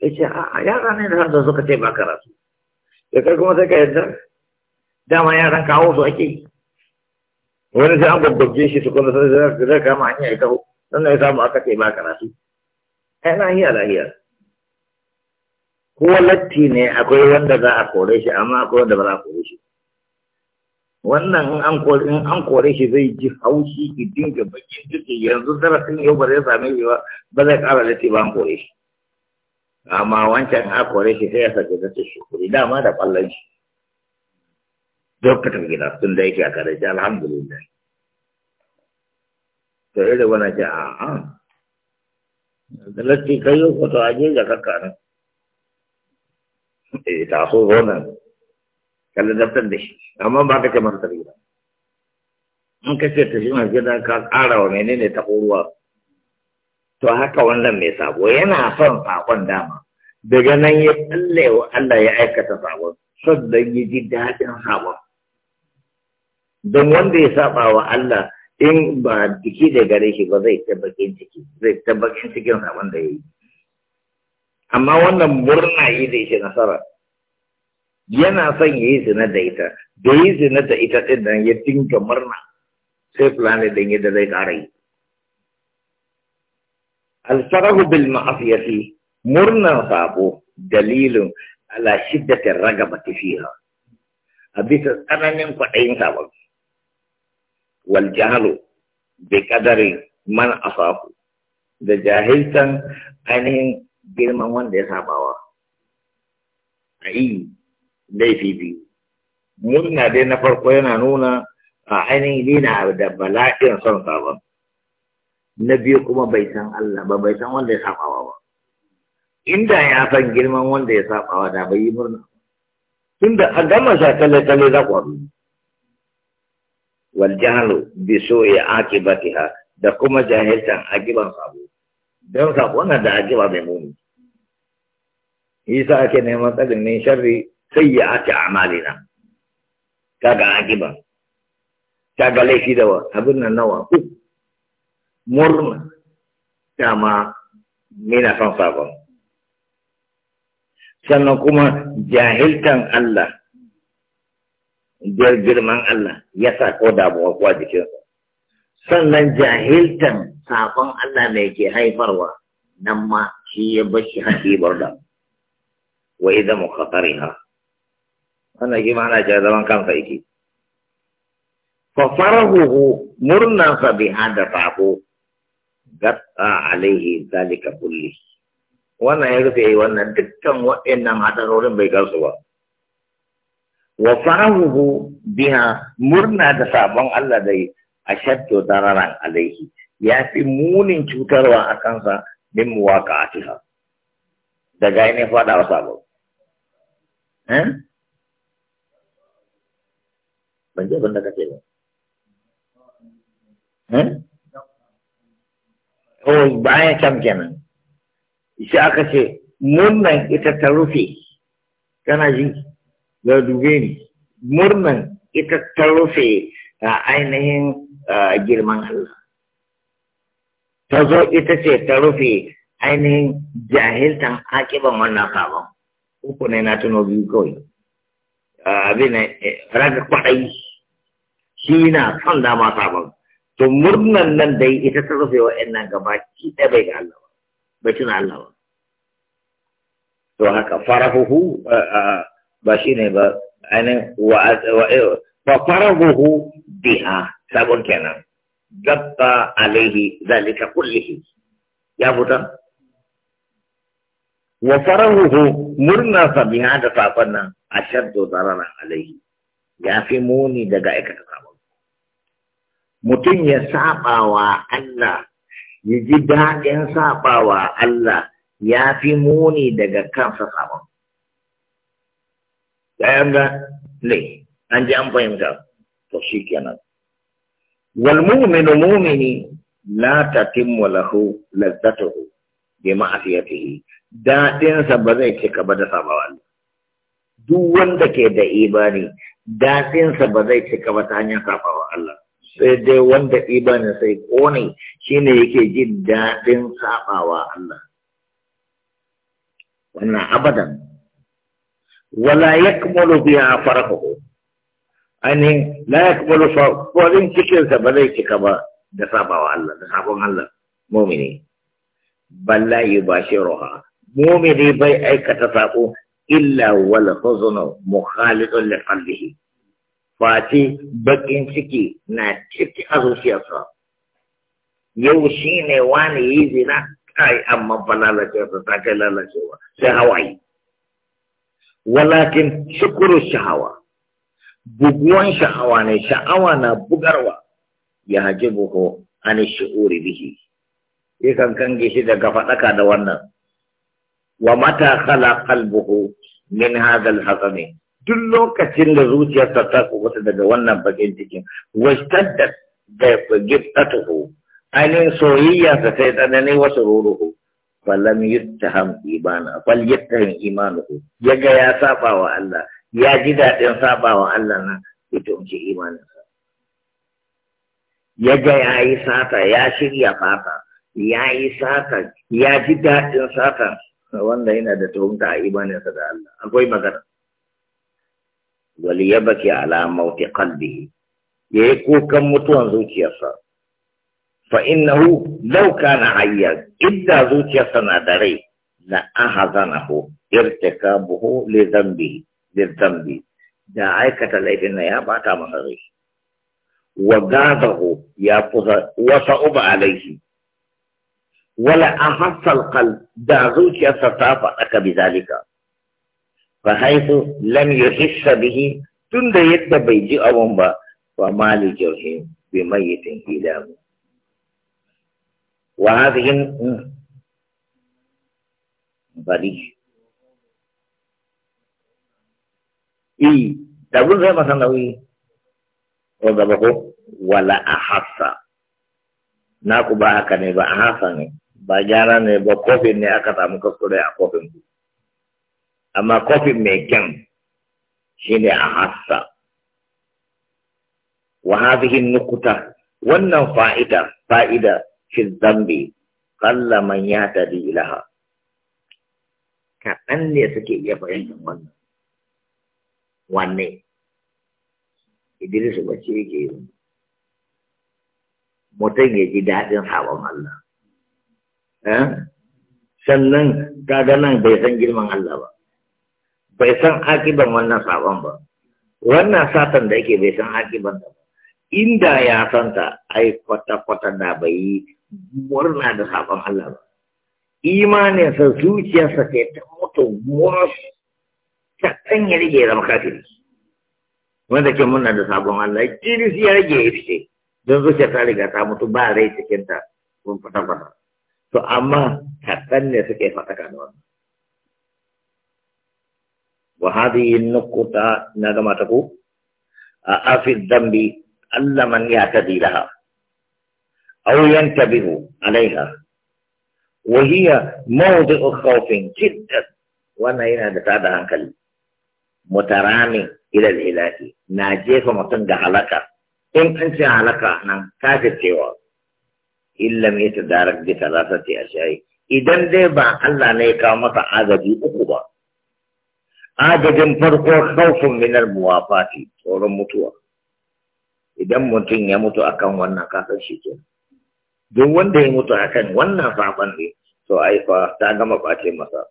ya ce a yara ne da da suka ce ba karatu da kai kuma sai ka yarda dama yaran kawo su ake yi wani sai an gwaggwaje shi su kuma sai zai kama hanya ya kawo sannan ya samu aka ce ba karatu ai lahiya lahiya ko latti ne akwai wanda za a kore shi amma akwai wanda ba za a kore shi wannan in an kore shi zai ji haushi idin ga bakin ciki yanzu darasin yau ba zai same shi ba ba zai kara da ba an kore shi amma wancan a kore shi sai ya sake da shukuri dama da kallon shi don fitar gida sun da yake a kare alhamdulillah to irin wannan ce a a da kai yi ko to a je ga kakkanin eh ta so wannan kallon daftar da shi amma ba ka ce masa gida in ka ce ta shi ma gida ka ƙara wa menene ta ruwa to haka wannan mai sabo yana son sakon dama daga nan ya tsalle wa Allah ya aikata sabon sannan ya ji daɗin sabon don wanda ya saba wa Allah in ba jiki da gare shi ba zai tabbakin ciki zai tabbakin cikin sabon da ya yi amma wannan murna yi da shi nasara yana son ya yi zina da ita da yi zina da ita ɗin nan ya dinga murna sai fulani da yadda zai ƙara yi alfarahu bil ma'asiyati murnar sabo dalilin ala shiddatin ragabati fiha a tsananin kwaɗayin sabon wal jahalu bi kadari man asafu da jahiltan ainihin girman wanda ya sabawa a yi laifi biyu murna dai na farko yana nuna a ainihin dina da bala'in son sabon na biyu kuma bai san Allah ba bai san wanda ya sabawa ba inda ya san girman wanda ya sabawa da bai yi murna tunda a gama sa kalle kalle za ku haɗu wal jahalu bi su'i akibatiha da kuma jahiltan akiban sabo Dan sabo wannan da akiba mai muni yasa ake neman tsarin min sharri sayyi'ati a'malina kaga akiban kaga laifi da wa abin nan nawa uku murna dama mina son sabon sannan kuma jahiltan Allah biyar girman Allah ya sa ko damuwa kuwa jikinsa sannan jahiltan sabon Allah mai ke haifarwa nan ma shi ya bashi haɗibar da wa idan mu ha. wannan shi ma ana zaman kansa yake fa farahuhu murnansa bi hada sabo gatta alaihi zalika kulli wannan ya rufe wannan dukkan waɗannan hadarorin bai gasu ba wa farahu biha murna da sabon Allah dai ashaddu dararan alaihi ya fi munin cutarwa a kansa min muwaqa'atiha daga ne fada wa sabon eh ban je kace ba eh oh bayan can kenan sai aka ce murnan ita ta rufe kana ji da dube ni murnan ita ta rufe a ainihin girman Allah ta zo ita ce ta rufe ainihin jahiltan akiban wannan sabon uku ne na tuno biyu kawai abin eh, raga kwaɗayi shi na son dama sabon to murnan nan dai ita ta rufe wa ƴan nan gaba ki ɗaya bai ga Allah ba bai tuna Allah ba to haka farahuhu ba shi ne ba ainihin wa eh, farahuhu biha sabon kenan gabba alaihi zalika kullihi ya fita wa farahuhu murna sabiha da safan nan ashaddu dararan alaihi ya fi muni daga aikata sabon mutum ya saɓawa Allah ya ji daɗin saɓawa Allah ya fi muni daga kansa saɓon. Ɗayan ga ne, an ji an fahimta, to shi kenan. Wal muminu mumini la tatimmu lahu lazzatuhu bi ma'asiyatihi. Daɗinsa ba zai cika ba da sabawa Allah. Duk wanda ke da imani, daɗinsa ba zai cika ba ta hanyar sabawa Allah. sai dai wanda ibana sai kone shine yake jin daɗin saɓawa Allah wannan abadan wala a biha farahu ani la yakmulu farin cikin cikinsa ba zai cika ba da sabawa Allah da sabon Allah momini. balla roha, momini bai aikata sako illa wal huznu mukhalidun li qalbihi Fati bakin ciki na ciki a zuciyarsa yau shi ne wani yi zina kai amma ba lalacewa ta kai lalacewa sai hawaye walakin shukuru sha'awa buguwan sha'awa ne sha'awa na bugarwa ya buhu an shi'uri bihi yakan kange gishi daga faɗaka da wannan wa mata kala kalbuhu min hadal al duk lokacin da zuciyarsa ta kubuta daga wannan bakin cikin wastaddat da gibtatuhu ainihin ta sai tsanani wasu ruruhu falam yittaham ibana fal yittaham imanuhu yaga ya saba wa Allah ya ji daɗin saba wa Allah na ita ce imaninsa yaga ya yi sata ya shirya fata ya yi sata ya ji daɗin sata wanda yana da tuhumta a imaninsa da Allah akwai magana وليبكي على موت قلبه يكو كم متوان زوتي يسا فإنه لو كان حيا إدى زوتي يسا نادري لأحزنه ارتكابه لذنبه للذنب دا عيكة الأيدين يا باتا مهري وقاده يا فضا وصعب عليه ولا أحس القلب دا زوتي يسا تافأك بذلك fa haitu lam yuhissa bihi tunda yadda bai ji abun ba wa mali jawhi bi mayyitin ila wa hadhihi bari i tabun saya pasang nawi oh gaba ko wala ahassa na ku ba haka ne ba ahassa ne ba gyara ne ba kofin ne aka samu kuskure a kofin amma kofin mai kyan shine a hassa wa hafihin nukuta wannan fa'ida fa'ida fi zambi kalla man tari ilaha kaɗan ne suke iya fahimtar wannan wanne Idris bace yake yi mutum ya ji daɗin sabon Allah eh? sannan ta nan bai san girman Allah ba bai san akiban wannan sabon ba wannan satan da yake bai san akiban ba inda ya santa ai kwata-kwata da bai yi murna da sabon Allah ba imaninsa zuciyarsa ce ta mutu murus ta kan ya rage ya zama kafiri wanda ke murna da sabon Allah kiris ya rage ya fice don zuciya ta riga ta mutu ba rai cikinta kun fata-fata to amma kaɗan ne suke faɗaka da wannan وهذه النقطة نغمته أفي الذنب ألا من يعتدي لها أو ينتبه عليها وهي موضع خوف جدا وانا هنا بتابع كل مترامي إلى الإله ناجيك ومتنجا لك إن أنت هلكة نعم كاتب سوى إن لم يتدارك بثلاثة أشياء إذا ده ألا نيكا متى عذبي Agajin farko khawfun minar muwafati tsoron mutuwa idan mutum ya mutu akan wannan kasar shi ke duk wanda ya mutu akan wannan saban ne to yi fa ta gama bace masa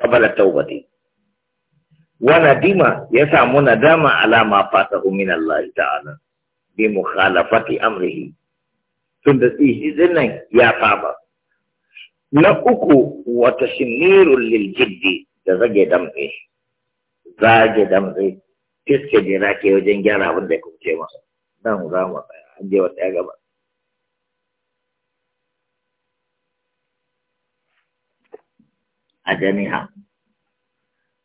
qabala taubati. Wana dima ya samu nadama alama ma fatahu Allah ta'ala bi mukhalafati amrihi tunda tsihin nan ya faɓa. na uku wata shimirun lil da zage damtse zage damtse fiske ne na ke wajen gyara abin da ya kuce masa nan za mu tsaya an je wata ya gaba a jami'a